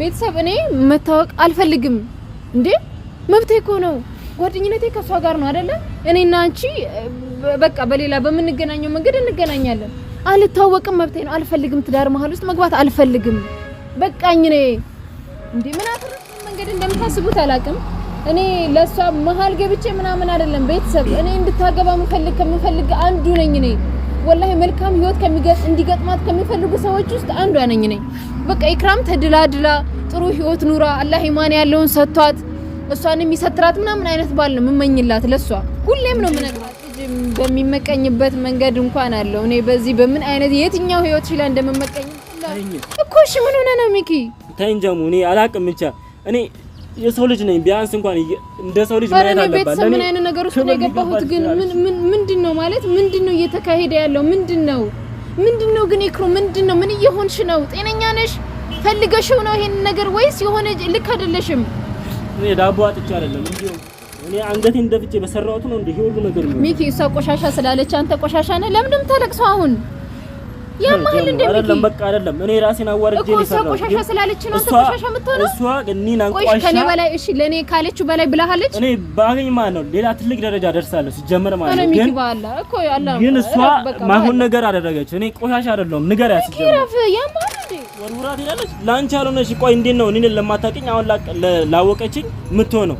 ቤተሰብ እኔ መታወቅ አልፈልግም እንዴ መብቴ እኮ ነው። ጓደኝነቴ ከእሷ ጋር ነው አይደለ? እኔና አንቺ በቃ በሌላ በምንገናኘው መንገድ እንገናኛለን። አልታወቅም፣ መብቴ ነው። አልፈልግም፣ ትዳር መሀል ውስጥ መግባት አልፈልግም። በቃኝ። ነ እንዴ ምን መንገድ እንደምታስቡት አላውቅም። እኔ ለእሷ መሀል ገብቼ ምናምን አይደለም ቤተሰብ። እኔ እንድታገባ ምፈልግ ከምፈልግ አንዱ ነኝ እኔ ወላሂ መልካም ህይወት እንዲገጥማት ከሚፈልጉ ሰዎች ውስጥ አንዷ ነኝ ነኝ። በቃ ኢክራም ተድላድላ ጥሩ ህይወት ኑራ አላህ ኢማን ያለውን ሰጥቷት እሷንም ይሰትራት ምናምን አይነት ባል ነው የምመኝላት። ለሷ ሁሌም ነው የምነግራት። በሚመቀኝበት መንገድ እንኳን አለው እኔ በዚህ በምን አይነት የትኛው ህይወት ይችላል እንደምመቀኝ እኮ። እሺ ምን ሆነ ነው ሚኪ? ተይ እኔ አላቅም ብቻ እኔ የሰው ልጅ ነኝ። ቢያንስ እንኳን እንደ ሰው ልጅ ማየት አለባት። ምን አይነት ነገር ውስጥ ነው የገባሁት? ግን ምን ምንድን ነው ማለት ምንድን ነው እየተካሄደ ያለው? ምንድን ነው ምንድን ነው ግን ይክሩ፣ ምንድን ነው ምን እየሆንሽ ነው? ጤነኛ ነሽ? ፈልገሽው ነው ይሄን ነገር ወይስ የሆነ ልክ አይደለሽም? እኔ ዳቦ አጥቼ አይደለም እንዴ እኔ አንገቴን ደፍቼ በሰራሁት ነው እንዴ ይሄ ሁሉ ነገር ነው። ሚኪ እሷ ቆሻሻ ስላለች አንተ ቆሻሻ ነህ። ለምንም ነው አሁን? ያማህል አይደለም፣ በቃ አይደለም። እኔ ራሴን አዋርጄ ነው ሰው ቆሻሻ ስላለች ነው ቆሻሻ የምትሆነው እሷ እኔን አንቋሻ ከኔ በላይ እሺ፣ ለኔ ካለችው በላይ ብለሃለች። እኔ ባገኝ ማለት ነው ሌላ ትልቅ ደረጃ ደርሳለሁ ሲጀመር ማለት ነው። ግን እኮ ያላ ግን እሷ ማይሆን ነገር አደረገች። እኔ ቆሻሻ አይደለሁም። ንገር ያስጀምራፍ ያማህል ወርውራት ላንቺ አልሆነሽ። ቆይ እንዴት ነው እኔን ለማታውቂኝ አሁን ላወቀችኝ የምትሆነው?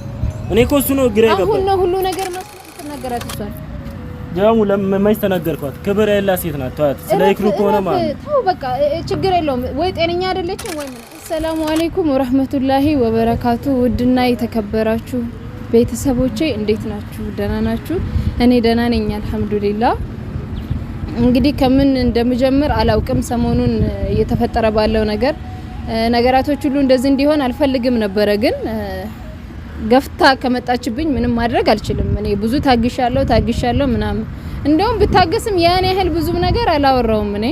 እኔ እኮ እሱ ነው ግራ ይገባል። አሁን ነው ሁሉ ነገር መስማት ነገራት ይችላል ደግሞ ለመች ተነገርኳት። ክብር ያላት ሴት ናት። ተዋት። ስለ ይክሩ ከሆነ ማለት ነው በቃ ችግር የለውም። ወይ ጤነኛ አይደለችም ወይ ምን። ሰላም አለይኩም ወራህመቱላሂ ወበረካቱ። ውድና የተከበራችሁ ቤተሰቦቼ እንዴት ናችሁ? ደህና ናችሁ? እኔ ደህና ነኝ አልሐምዱሊላህ። እንግዲህ ከምን እንደምጀምር አላውቅም። ሰሞኑን እየተፈጠረ ባለው ነገር ነገራቶች ሁሉ እንደዚህ እንዲሆን አልፈልግም ነበረ ግን ገፍታ ከመጣችብኝ ምንም ማድረግ አልችልም። እኔ ብዙ ታግሻለሁ ታግሻለሁ ምናምን እንደውም ብታገስም ያን ያህል ብዙም ነገር አላወራውም። እኔ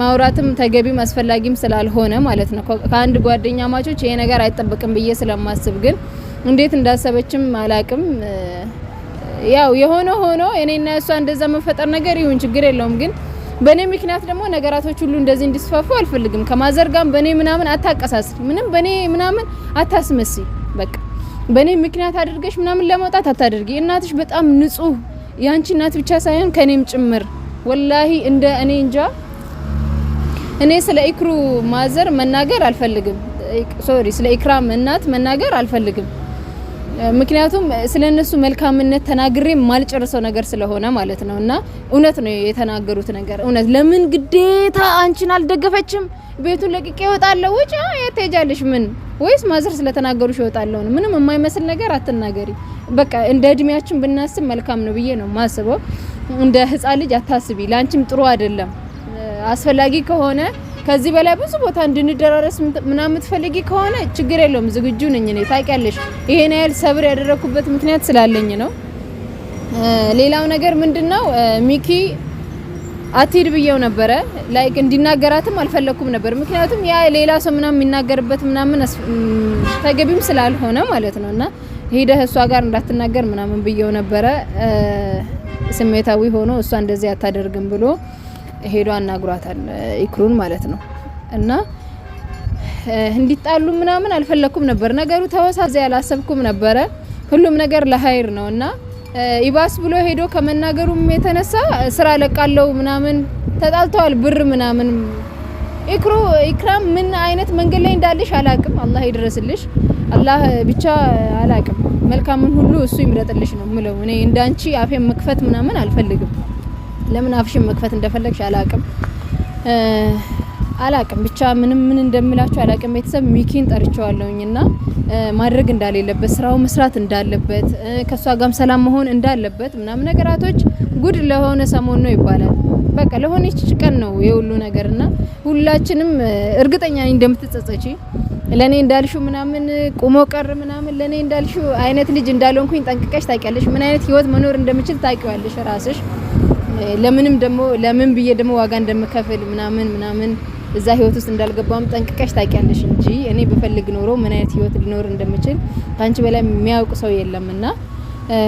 ማውራትም ተገቢም አስፈላጊም ስላልሆነ ማለት ነው። ከአንድ ጓደኛ ማቾች ይሄ ነገር አይጠበቅም ብዬ ስለማስብ ግን እንዴት እንዳሰበችም አላቅም። ያው የሆነ ሆኖ እኔና እሷ እንደዛ መፈጠር ነገር ይሁን ችግር የለውም። ግን በእኔ ምክንያት ደግሞ ነገራቶች ሁሉ እንደዚህ እንዲስፋፉ አልፈልግም። ከማዘርጋም በእኔ ምናምን አታቀሳስል፣ ምንም በእኔ ምናምን አታስመሲ በቃ በእኔ ምክንያት አድርገሽ ምናምን ለመውጣት አታደርጊ። እናትሽ በጣም ንጹህ፣ ያንቺ እናት ብቻ ሳይሆን ከኔም ጭምር ወላሂ እንደ እኔ እንጃ። እኔ ስለ ኢክሩ ማዘር መናገር አልፈልግም። ሶሪ ስለ ኢክራም እናት መናገር አልፈልግም። ምክንያቱም ስለ እነሱ መልካምነት ተናግሬ ማልጨርሰው ነገር ስለሆነ ማለት ነው። እና እውነት ነው የተናገሩት ነገር እውነት። ለምን ግዴታ አንቺን አልደገፈችም? ቤቱን ለቅቄ እወጣለሁ። ውጭ የት ትሄጃለሽ? ምን ወይስ ማዘር ስለተናገሩሽ እወጣለሁ? ምንም የማይመስል ነገር አትናገሪ። በቃ እንደ እድሜያችን ብናስብ መልካም ነው ብዬ ነው ማስበው። እንደ ሕፃን ልጅ አታስቢ። ለአንቺም ጥሩ አይደለም። አስፈላጊ ከሆነ ከዚህ በላይ ብዙ ቦታ እንድንደራረስ ምናምን የምትፈልጊ ከሆነ ችግር የለውም፣ ዝግጁ ነኝ እኔ። ታውቂያለሽ ይሄን ያህል ሰብር ያደረኩበት ምክንያት ስላለኝ ነው። ሌላው ነገር ምንድነው ሚኪ አትሂድ ብዬው ነበረ። ላይክ እንዲናገራትም አልፈለኩም ነበር፣ ምክንያቱም ያ ሌላ ሰው ምናምን የሚናገርበት ምናምን ተገቢም ስላልሆነ ማለት ነው። እና ሄደህ እሷ ጋር እንዳትናገር ምናምን ብየው ነበረ። ስሜታዊ ሆኖ እሷ እንደዚህ አታደርግም ብሎ ሄዶ አናግሯታል ኢክሩን ማለት ነው እና እንዲጣሉ ምናምን አልፈለኩም ነበር። ነገሩ ተወሳዘ ያላሰብኩም ነበረ። ሁሉም ነገር ለሀይር ነው እና ኢባስ ብሎ ሄዶ ከመናገሩም የተነሳ ስራ ለቃለው ምናምን ተጣልተዋል። ብር ምናምን ኢክሩ ኢክራም ምን አይነት መንገድ ላይ እንዳለሽ አላቅም። አላህ ይድረስልሽ። አላህ ብቻ አላቅም። መልካምን ሁሉ እሱ ይምረጥልሽ ነው ምለው። እኔ እንዳንቺ አፌን መክፈት ምናምን አልፈልግም። ለምን አፍሽን መክፈት እንደፈለግሽ አላቅም አላቅም ብቻ ምንም ምን እንደምላችሁ አላቅም። ቤተሰብ ሚኪን ጠርቸዋለሁኝ እና ማድረግ እንዳሌለበት ስራው መስራት እንዳለበት ከእሷ ጋም ሰላም መሆን እንዳለበት ምናምን ነገራቶች ጉድ ለሆነ ሰሞን ነው ይባላል። በቃ ለሆነች ቀን ነው የሁሉ ነገር እና ሁላችንም እርግጠኛ ነኝ እንደምትጸጸቺ ለእኔ እንዳልሹ ምናምን ቁሞ ቀር ምናምን ለእኔ እንዳልሹ አይነት ልጅ እንዳልሆንኩኝ ጠንቅቀሽ ታውቂያለሽ። ምን አይነት ህይወት መኖር እንደምችል ታውቂዋለሽ ራስሽ ለምንም ደግሞ ለምን ብዬ ደግሞ ዋጋ እንደምከፍል ምናምን ምናምን እዛ ህይወት ውስጥ እንዳልገባም ጠንቅቀሽ ታውቂያለሽ እንጂ እኔ ብፈልግ ኖሮ ምን አይነት ህይወት ሊኖር እንደምችል ከአንቺ በላይ የሚያውቅ ሰው የለምና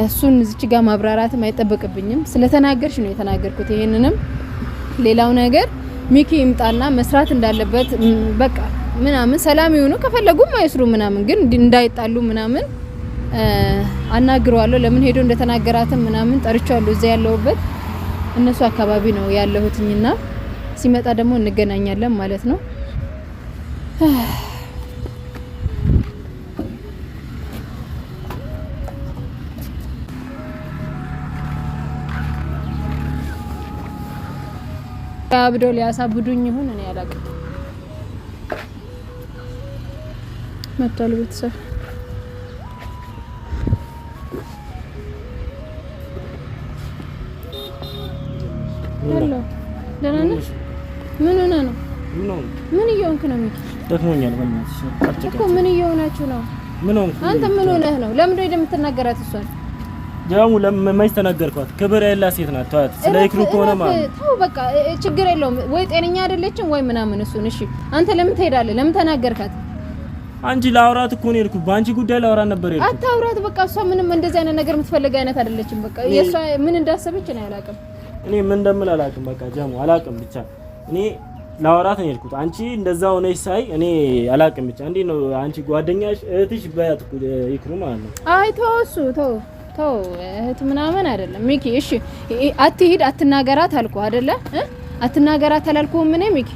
እሱን እዚች ጋር ማብራራትም አይጠበቅብኝም። ስለተናገርሽ ነው የተናገርኩት። ይሄንንም ሌላው ነገር ሚኪ ይምጣና መስራት እንዳለበት በቃ ምናምን ሰላም ይሁኑ፣ ከፈለጉም አይስሩ ምናምን፣ ግን እንዳይጣሉ ምናምን አናግረዋለሁ። ለምን ሄዶ እንደተናገራትም ምናምን ጠርቻለሁ እዚያ ያለሁበት እነሱ አካባቢ ነው ያለሁትኝና ሲመጣ ደግሞ እንገናኛለን ማለት ነው። አብዶ ሊያሳብዱኝ ይሁን እኔ አላውቅም። መቷል ቤተሰብ ደክሞኛል። እኮ ምን እየሆናችሁ ነው? ምን ሆንኩ? አንተ ምን ሆነህ ነው? ለምን ነው የምትናገራት? እሷን ደግሞ ለማይስ ተናገርኳት። ክብር ያላት ሴት ናት። ተዋት። ስለ ይክሩ ከሆነ ማለት ተው፣ በቃ ችግር የለውም። ወይ ጤነኛ አይደለችም ወይ ምናምን እሱን። እሺ፣ አንተ ለምን ትሄዳለህ? ለምን ተናገርካት? አንቺ ላውራት እኮ ነው የሄድኩት። በአንቺ ጉዳይ ላውራት ነበር የሄድኩት። አታውራት፣ በቃ እሷ ምንም እንደዚህ አይነት ነገር የምትፈልግ አይነት አይደለችም። በቃ የእሷ ምን እንዳሰበች ነው አላውቅም። እኔ ምን እንደምል አላውቅም። በቃ ጀሙ አላውቅም ብቻ እኔ ላወራት ነው የሄድኩት። አንቺ እንደዛ ሆነሽ ሳይ እኔ አላቅም። ብቻ እንዴት ነው አንቺ ጓደኛሽ እህትሽ በያት ይክሩ ማለት ነው። አይ ተው እሱ ተው ተው፣ እህት ምናምን አይደለም ሚኪ። እሺ አትሂድ፣ አትናገራት አልኩ አይደለ? አትናገራት አላልኩህም ምን ሚኪ?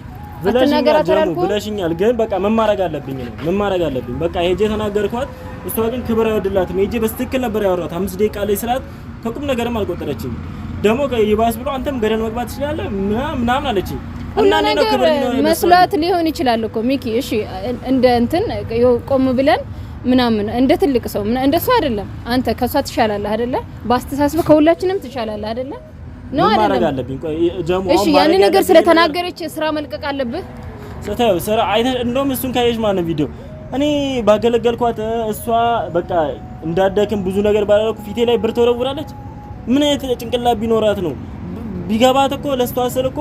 አትናገራት አላልኩህም ብለሽኛል። ግን በቃ ምን ማድረግ አለብኝ ነው ምን ማድረግ አለብኝ? በቃ ሄጄ ተናገርኳት። እሷ ግን ክብር አይወድላትም። ሄጄ በስትክክል ነበር ያወራት። አምስት ደቂቃ ላይ ስላት ከቁም ነገርም አልቆጠረችኝ ደግሞ ይባስ ብሎ አንተም ገደል መግባት ትችላለህ ምናምን አለችኝ። ሁሉ ነገር መስሏት ሊሆን ይችላል እኮ ሚኪ። እሺ እንደ እንትን ቆም ብለን ምናምን እንደ ትልቅ ሰው እንደሷ አይደለም። አንተ ከሷ ትሻላለህ አይደለ? በአስተሳሰብ ከሁላችንም ትሻላለህ አይደለ? ነው አይደለም? እሺ ያን ነገር ስለተናገረች ስራ መልቀቅ አለብህ። ስታዩ ስራ አይተ እንደውም እሱን ካየሽ ማነው ቪዲዮ እኔ ባገለገልኳት እሷ በቃ እንዳደክም ብዙ ነገር ባላልኩ ፊቴ ላይ ብር ተወረውራለች። ምን አይነት ጭንቅላት ቢኖራት ነው? ቢገባት እኮ ለስተዋሰል እኮ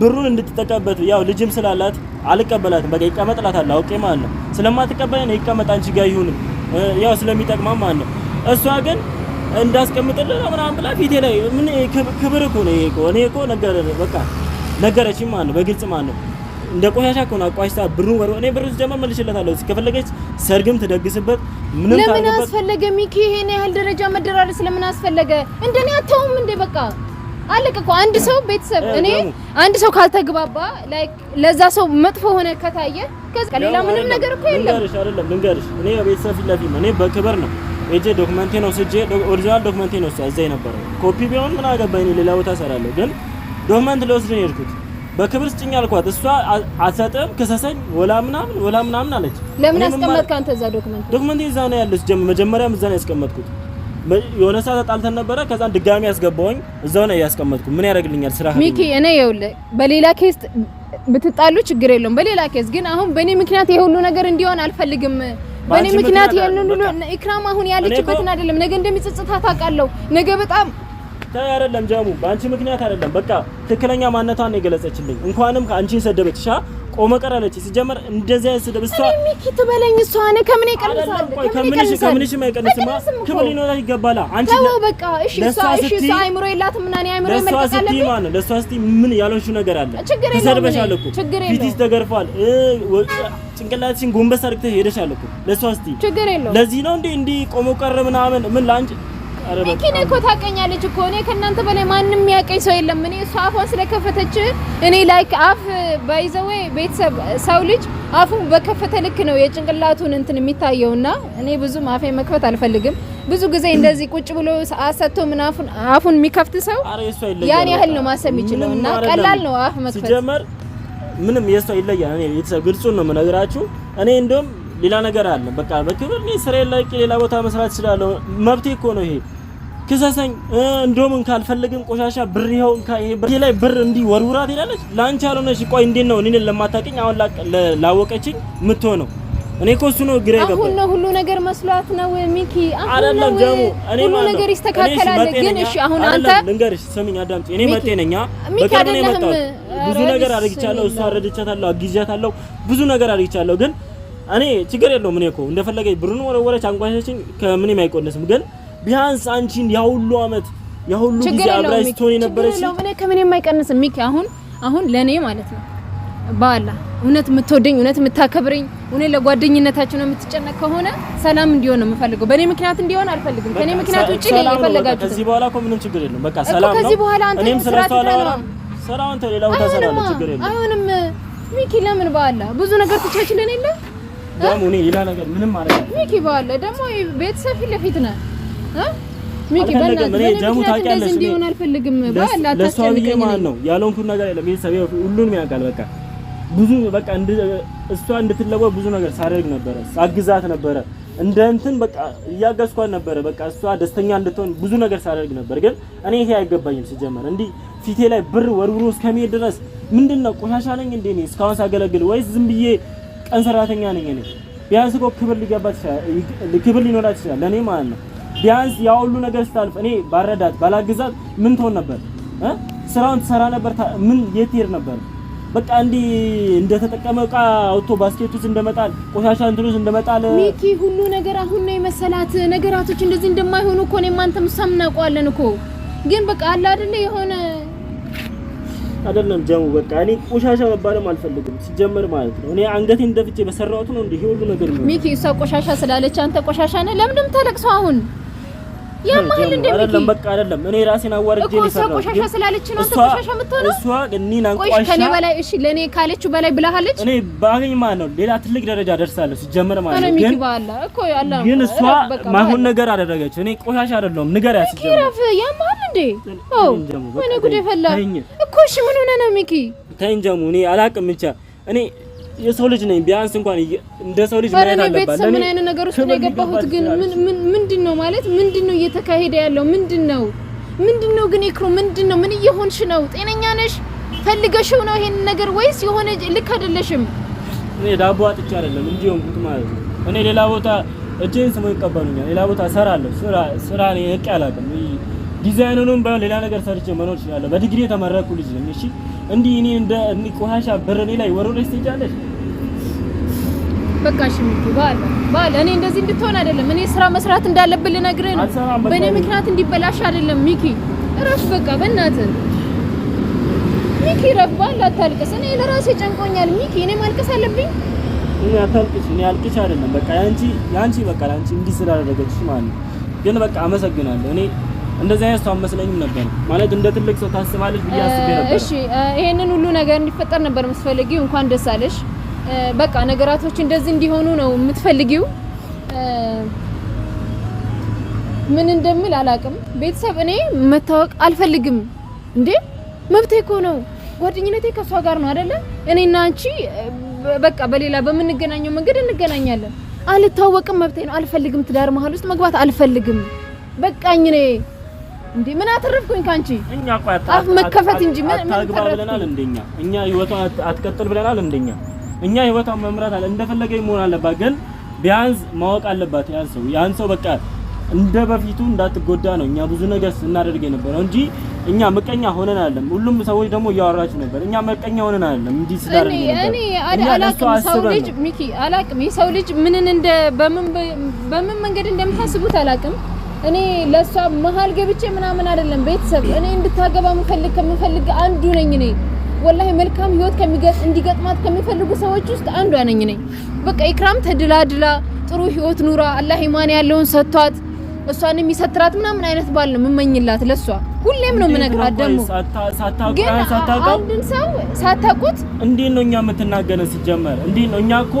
ብሩን እንድትጠቀበት ያው ልጅም ስላላት አልቀበላትም። በቃ ይቀመጥላታል አውቄ ማለት ነው። ስለማትቀበለ ነው ይቀመጥ አንቺ ጋር ይሁን ያው ስለሚጠቅማ ማለት ነው። እሷ ግን እንዳስቀምጥልህ ምናምን ብላ ፊቴ ላይ ምን ክብር እኮ ነው እኮ እኔ እኮ ነገር በቃ ነገረችኝ ማለት ነው። በግልጽ ማለት ነው። እንደ ቆሻሻ እኮ ነው አቋሽታ ብሩን ወር እኔ ብሩን ጀመር መልሽለታለሁ። ከፈለገች ሰርግም ትደግስበት ምንም ለምን አስፈለገ? ሚኪ ይሄን ያህል ደረጃ መደራረስ ለምን አስፈለገ? እንደኔ አተውም እንደ በቃ አለቀ እኮ አንድ ሰው ቤተሰብ እኔ አንድ ሰው ካልተግባባ ላይክ ለዛ ሰው መጥፎ ሆነ ከታየ ከዛ ከሌላ ምንም ነገር እኮ የለም። ልንገርሽ አይደለም ልንገርሽ፣ እኔ ቤተሰብ ፊት ለፊት እኔ በክብር ነው እጄ ዶክመንቴን ወስጄ ኦሪጂናል ዶክመንቴን ወስጄ እዛ የነበረ ኮፒ ቢሆን ምን አገባኝ እኔ ሌላ ቦታ እሰራለሁ። ግን ዶክመንት ለወስድ ነው የሄድኩት። በክብር ስጭኝ አልኳት። እሷ አትሰጥም፣ ክሰሰኝ ወላ ምናምን ወላ ምናምን አለች። ለምን አስቀመጥከው አንተ እዛ ዶክመንት? ዶክመንቴ እዛ ነው ያለች። መጀመሪያም እዛ ነው ያስቀመጥኩት የሆነ ሰዓት ተጣልተን ነበረ። ከዛን ድጋሚ ያስገባውኝ እዛው ነው ያስቀመጥኩ። ምን ያደርግልኛል ስራ ሚኪ። እኔ ይኸውልህ በሌላ ኬስ ብትጣሉ ችግር የለውም። በሌላ ኬስ ግን አሁን በእኔ ምክንያት የሁሉ ነገር እንዲሆን አልፈልግም። በእኔ ምክንያት ያንን ሁሉ ኢክራም አሁን ያለችበትን አይደለም ነገ እንደሚጸጽታት አውቃለሁ። ነገ በጣም ታይ አይደለም ጃሙ፣ በአንቺ ምክንያት አይደለም። በቃ ትክክለኛ ማንነቷን ነው የገለጸችልኝ። እንኳንም አንቺን ሰደበችሻ ቆመ ቀረ አለች። ሲጀመር እንደዚህ አይነት ስድብ እሷ ሚኪ ትበለኝ እሷ እኔ ከምን ይቀንሳል? ከምንሽ ከምንሽ የማይቀንስማ ክብር ሊኖራት ይገባላ። አንቺ ነው በቃ እሺ። እሷ እሺ እሷ አይምሮ የላትም እና እኔ አይምሮ ይመልካለሁ። ለሷ ማለት ነው ለሷ ስቲ ምን ያልሆንሽው ነገር አለ። ተሰድበሻል እኮ ፊትሽ ተገርፏል። ጭንቅላትሽን ጎንበስ አድርገሽ ሄደሻል እኮ ለሷ ስቲ። ለዚህ ነው እንዴ እንዲህ ቆሞ ቀረ ምናምን ምን ላንቺ እኔ እኮ ታውቀኛለች እኮ እኔ ከእናንተ በላይ ማንም የሚያውቀኝ ሰው የለም። እኔ እሷ አፏን ስለከፈተች እኔ ላይክ አፍ ባይዘዌ ቤተሰብ ሰው ልጅ አፉን በከፈተ ልክ ነው የጭንቅላቱን እንትን የሚታየውና እኔ ብዙም አፌ መክፈት አልፈልግም። ብዙ ጊዜ እንደዚህ ቁጭ ብሎ ሰዓት ሰጥቶ ምናፉን አፉን የሚከፍት ሰው ያን ያህል ነው ማሰብ የሚችለው እና ቀላል ነው አፍ መክፈት ሲጀመር ምንም የእሷ ይለያል። እኔ ቤተሰብ ግልጹን ነው የምነግራችሁ እኔ እንደውም ሌላ ነገር አለ። በቃ በክብር እኔ ስራዬን ላቂ ሌላ ቦታ መስራት እችላለሁ። መብቴ እኮ ነው ይሄ። ክሰሰኝ እንደውም ካልፈለግም ቆሻሻ ብር ይኸው እንካ ይሄ ብር ላይ ብር እንዲህ ወርውራ ትሄዳለች። ለአንቺ አልሆነሽ። ቆይ እንዴት ነው እኔን ለማታውቂኝ አሁን ላወቀችኝ ምትሆነው? እኔ እኮ እሱ ነው ግሬ ገባ። አሁን ነው ሁሉ ነገር መስሏት ነው ሚኪ። አሁን ነው እኔ ሁሉ ነገር ይስተካከላል። ግን እሺ አሁን አንተ ልንገርሽ፣ ስሚኝ፣ አዳምጪ። እኔ መጤ ነኛ በቀር ነው የመጣሁት። ብዙ ነገር አድርጊቻለሁ። እሷ አረድቻታለሁ፣ አግዣታለሁ፣ ብዙ ነገር አድርጊቻለሁ ግን እኔ ችግር የለውም። እኔ እኮ እንደፈለገ ብሩን ወረወረች፣ አንቋሸችኝ፣ ከምንም አይቆነስም። ግን ቢያንስ አንቺን ያ ሁሉ አመት ያ ሁሉ ጊዜ አብራሽ ትሆን የነበረች እኔ ከምንም አይቀንስም። ሚኪ አሁን አሁን ለኔ ማለት ነው ባላ እውነት የምትወደኝ እውነት የምታከብረኝ እውነት ለጓደኝነታችን ነው የምትጨነቅ ከሆነ ሰላም እንዲሆን ነው የምፈልገው። በእኔ ምክንያት እንዲሆን አልፈልግም። ከእኔ ምክንያት ውጪ ነው የፈለጋችሁት። ከዚህ በኋላ እኮ ምንም ችግር የለም። በቃ ሰላም ነው። ከዚህ በኋላ አንተ ስራት ነው ሰላም አንተ ሌላው ተሰላም ነው። ችግር የለም። አይሆንም ሚኪ ለምን ባላ ብዙ ነገር ትቻችለን የለም እንደውም እኔ ሌላ ነገር ምንም ማለት ነው። ሚኪ ባለ ደግሞ ቤተሰብ ፊት ለፊት ነህ ሚኪ በእናትህ እኔ ጀሙ ታውቂያለሽ፣ እንዲሆን አልፈልግም ባላ ለሷ ማለት ነው ያለውን ነገር የለም። ቤተሰብ ሁሉንም ያውቃል። በቃ ብዙ በቃ እሷ እንድትለወጥ ብዙ ነገር ሳደርግ ነበረ፣ ሳግዛት ነበረ፣ እንደ እንትን በቃ እያገዝኳት ነበረ። በቃ እሷ ደስተኛ እንድትሆን ብዙ ነገር ሳደርግ ነበር። ግን እኔ ይሄ አይገባኝም። ሲጀመር እንዲህ ፊቴ ላይ ብር ወርውሮ እስከሚሄድ ድረስ ምንድን ነው ቆሻሻ ነኝ እንዴ እኔ እስካሁን ሳገለግል ወይስ ዝም ብዬ ቀን ሰራተኛ ነኝ እኔ። ቢያንስ እኮ ክብር ሊገባት ይችላል፣ ክብር ሊኖራት ይችላል ለእኔ ማለት ነው። ቢያንስ ያ ሁሉ ነገር ስታልፍ እኔ ባረዳት ባላግዛት ምን ትሆን ነበር? ስራውን ትሰራ ነበር? ምን የት ትሄድ ነበር? በቃ እንዲህ እንደተጠቀመ እቃ አውጥቶ ባስኬት ውስጥ እንደመጣል ቆሻሻ እንትን ውስጥ እንደመጣል ሚኪ ሁሉ ነገር አሁን ነው የመሰላት ነገራቶች እንደዚህ እንደማይሆኑ እኮ እኔም አንተም እሷም እናውቀዋለን እኮ ግን በቃ አለ አይደለ የሆነ አይደለም ጀሙ፣ በቃ እኔ ቆሻሻ መባልም አልፈልግም ሲጀመር ማለት ነው። እኔ አንገቴን ደፍቼ በሰራሁት ነው እንዴ ሁሉ ነገር ነው። ሚኪ እሷ ቆሻሻ ስላለች አንተ ቆሻሻ ነህ። ለምንድም ተለቅሰው አሁን ያማህል አይደለም፣ በቃ አይደለም። እኔ ራሴን አዋርጄ ነው ሰው ቆሻሻ ስላለች ነው አንተ ቆሻሻ የምትሆነው። እሷ እኔን አንቋሻ ከኔ በላይ እሺ፣ ለኔ ካለችው በላይ ብለሃለች። እኔ ባገኝ ማለት ነው ሌላ ትልቅ ደረጃ ደርሳለች። ሲጀመር ማለት ነው ግን እኮ ያላ ግን እሷ ማይሆን ነገር አደረገች። እኔ ቆሻሻ አይደለም ነገር ያስጀምር ኪራፍ እንዴ ኦ እኔ ጉዴ ፈላ እኮ። እሺ ምን ሆነ ነው ሚኪ? ተይ እኔ አላቅም ብቻ እኔ የሰው ልጅ ነኝ። ቢያንስ እንኳን እንደ ሰው ልጅ ማየት አለባት። ቤተሰብ ምን አይነት ነገር ውስጥ ነው የገባሁት? ግን ምን ምንድነው ማለት ምንድነው እየተካሄደ ያለው? ምንድነው ምንድነው ግን ይክሩ ምንድነው? ምን እየሆንሽ ነው? ጤነኛ ነሽ? ፈልገሽው ነው ይሄን ነገር ወይስ የሆነ ልክ አይደለሽም? እኔ ዳቦ አጥቼ አይደለም እንዲህ ቁጥ ማለት ነው። እኔ ሌላ ቦታ እጄን ስሞ ይቀበሉኛል። ሌላ ቦታ እሰራለሁ። ስራ ስራ ነው እቅ አላውቅም። ዲዛይኑንም ባይሆን ሌላ ነገር ሰርቼ መኖር እችላለሁ። በዲግሪ የተመረኩ ልጅ ነኝ። እሺ እንዲህ እኔ እንደ ቆሻሻ በረኔ ላይ ወረውለሽ ትሄጃለሽ። በቃ እሺ ሚኪ ባል ባል እኔ እንደዚህ እንድትሆን አይደለም። እኔ ስራ መስራት እንዳለብን ልነግርህ ነው። በእኔ ምክንያት እንዲበላሽ አይደለም። ሚኪ እረፍ፣ በቃ በእናትህ ሚኪ እረፍ። ባል አታልቅስ። እኔ ለራሴ ጨንቆኛል። ሚኪ እኔ ማልቀስ አለብኝ? እኔ አታልቅሽ። እኔ አልቅሽ አይደለም። በቃ ያንቺ ያንቺ በቃ ያንቺ እንዲህ ስላደረገች ማለት ነው። ግን በቃ አመሰግናለሁ። እኔ እንደዚህ አይነት ሰው አመስለኝም ነበር ማለት እንደ ትልቅ ሰው ታስባለች ብዬ አስቤ ነበር። እሺ ይሄንን ሁሉ ነገር እንዲፈጠር ነበር መስፈልጊው። እንኳን ደስ አለሽ። በቃ ነገራቶች እንደዚህ እንዲሆኑ ነው የምትፈልጊው? ምን እንደምል አላቅም። ቤተሰብ እኔ መታወቅ አልፈልግም። እንዴ መብቴ እኮ ነው። ጓደኝነቴ ከሷ ጋር ነው አይደለ? እኔና አንቺ በቃ በሌላ በምንገናኘው መንገድ እንገናኛለን። አልታወቅም፣ መብቴ ነው። አልፈልግም፣ ትዳር መሀል ውስጥ መግባት አልፈልግም። በቃኝ እኔ እንዴ ምን አተረፍኩኝ ካንቺ? እኛ አፍ መከፈት እንጂ ምን ምን ብለናል። እንደኛ እኛ ህይወቷ አትቀጥል ብለናል እንደኛ እኛ ህይወቷን መምራት አለ እንደፈለገ መሆን አለባት፣ ግን ቢያንስ ማወቅ አለባት ያን ሰው ያን ሰው በቃ እንደ በፊቱ እንዳትጎዳ ነው እኛ ብዙ ነገር ስናደርግ የነበረው እንጂ እኛ መቀኛ ሆነን አይደለም። ሁሉም ሰዎች ደግሞ እያወራችሁ ነበር። እኛ መቀኛ ሆነን አይደለም እንዲህ ስላደረግ ነበር። እኔ አላቅም ሰው ልጅ ሚኪ አላቅም የሰው ልጅ ምንን እንደ በምን በምን መንገድ እንደምታስቡት አላቅም። እኔ ለእሷ መሀል ገብቼ ምናምን አይደለም ቤተሰብ እኔ እንድታገባ ምፈልግ ከምፈልግ አንዱ ነኝ እኔ ወላሂ መልካም ህይወት እንዲገጥማት ከሚፈልጉ ሰዎች ውስጥ አንዷ ነኝ ነኝ። በቃ ኢክራም ተድላድላ ጥሩ ህይወት ኑራ አላህ ኢማን ያለውን ሰጥቷት እሷን የሚሰትራት ምናምን አይነት ባል ነው የምመኝላት ለሷ። ሁሌም ነው የምነግራት። ደግሞ ግን አንድን ሰው ሳታውቁት እንዴት ነው እኛ የምትናገረን? ሲጀመር እንዴት ነው እኛ እኮ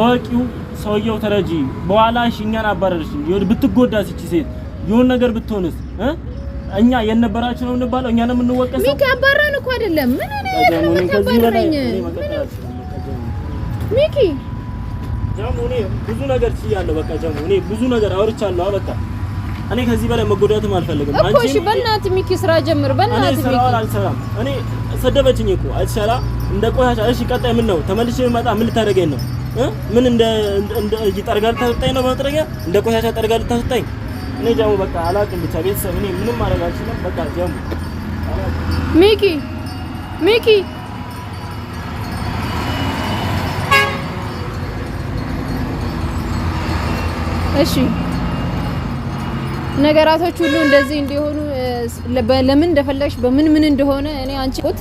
እወቂው ሰውየው ተረጂ በኋላ እኛን አባረርሽ ብትጎዳስ ይቺ ሴት የሆነ ነገር ብትሆንስ እኛ የነበራችሁ ነው እንባለው፣ እኛ ነው የምንወቀሰው። ሚኪ አባራን እኮ አይደለም። ምን እኔ የለም ተባረኝ። ሚኪ ጀሙ፣ እኔ ብዙ ነገር ችያለሁ። በቃ ጀሙ፣ እኔ ብዙ ነገር አውርቻለሁ። በቃ እኔ ከዚህ በላይ መጎዳትም አልፈልግም። አንቺ እሺ፣ በእናት ሚኪ ስራ ጀምር። በእናት ሚኪ ስራ አልሰራም። እኔ ሰደበችኝ እኮ አይሻላ እንደ ቆሻሻ። እሺ፣ ቀጣይ ምን ነው ተመልሼ መጣ? ምን ልታደርገኝ ነው? ምን እንደ እንደ ጠርጋ ልታስወጣኝ ነው? በመጥረጊያ እንደ ቆሻሻ ጠርጋ ልታስወጣኝ እኔ ጀሙ በቃ አላውቅም። ብቻ ቤተሰብ እኔ ምንም ማድረግ አልችልም። በቃ ጀሙ ሚኪ ሚኪ እሺ ነገራቶች ሁሉ እንደዚህ እንዲሆኑ ለምን እንደፈለግሽ በምን ምን እንደሆነ እኔ አንቺ ቁት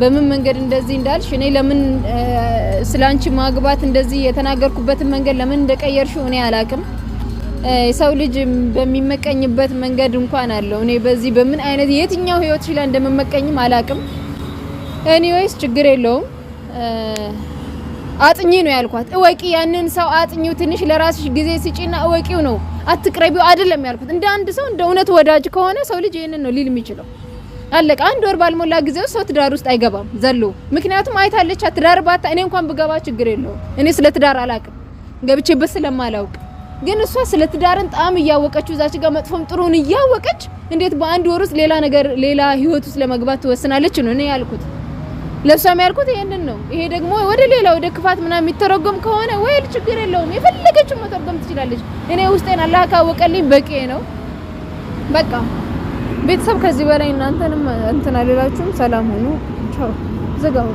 በምን መንገድ እንደዚህ እንዳልሽ እኔ ለምን ስለ አንቺ ማግባት እንደዚህ የተናገርኩበትን መንገድ ለምን እንደቀየርሽው እኔ አላቅም። የሰው ልጅ በሚመቀኝበት መንገድ እንኳን አለው። እኔ በዚህ በምን አይነት የትኛው ህይወት ላይ እንደምመቀኝም አላቅም። ኤኒዌይስ ችግር የለውም። አጥኚ ነው ያልኳት። እወቂ፣ ያንን ሰው አጥኚው፣ ትንሽ ለራስሽ ጊዜ ስጪና እወቂው ነው አትቅረቢው አይደለም ያልኩት። እንደ አንድ ሰው እንደ እውነት ወዳጅ ከሆነ ሰው ልጅ ይህንን ነው ሊል የሚችለው። አለቀ። አንድ ወር ባልሞላ ጊዜ ውስጥ ሰው ትዳር ውስጥ አይገባም ዘሎ። ምክንያቱም አይታለች ትዳር ባታ። እኔ እንኳን ብገባ ችግር የለውም። እኔ ስለ ትዳር አላቅም፣ ገብቼበት ስለማላውቅ ግን እሷ ስለ ትዳርን ጣም እያወቀችው እዛች ጋር መጥፎም ጥሩን እያወቀች እንዴት በአንድ ወር ውስጥ ሌላ ነገር ሌላ ህይወት ውስጥ ለመግባት ትወስናለች? ነው እኔ ያልኩት፣ ለብሷም ያልኩት ይሄንን ነው። ይሄ ደግሞ ወደ ሌላ ወደ ክፋት ምናምን የሚተረጎም ከሆነ ወይል ችግር የለውም፣ የፈለገችው መተርጎም ትችላለች። እኔ ውስጤን አላህ ካወቀልኝ በቂ ነው። በቃ ቤተሰብ ከዚህ በላይ እናንተንም እንትና ሌላችሁም ሰላም ሆኑ። ቻው። ዘጋው።